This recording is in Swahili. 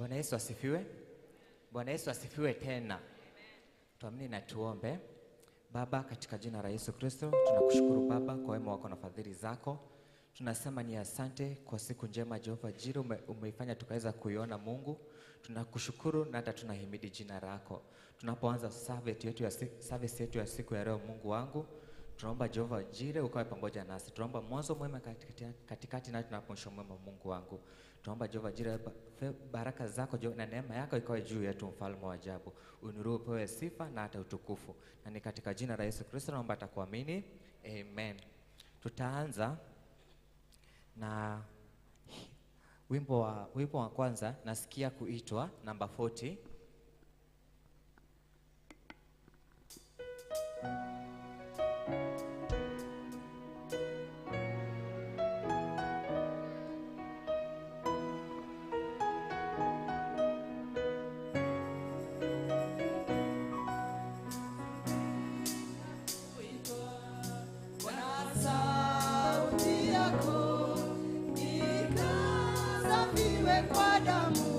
Bwana Yesu asifiwe. Bwana Yesu asifiwe tena. Tuamini na tuombe. Baba, katika jina la Yesu Kristo, tunakushukuru Baba kwa wema wako na fadhili zako. Tunasema ni asante kwa siku njema Jehova Jiro umeifanya tukaweza kuiona Mungu. Tunakushukuru na hata tunahimidi jina lako. Tunapoanza service yetu ya service yetu ya siku ya leo Mungu wangu Tunaomba Jehova Jire ukawe pamoja nasi. Tunaomba mwanzo mwema katikati, katikati na tunapo mwema Mungu wangu. Tunaomba Jehova Jire baraka zako Jehova na neema yako ikawe juu yetu mfalme wa ajabu. Uniruhusu upewe sifa na hata utukufu. Na ni katika jina la Yesu Kristo naomba atakuamini. Amen. Tutaanza na wimbo wa wimbo wa kwanza nasikia kuitwa namba 40. kwadamu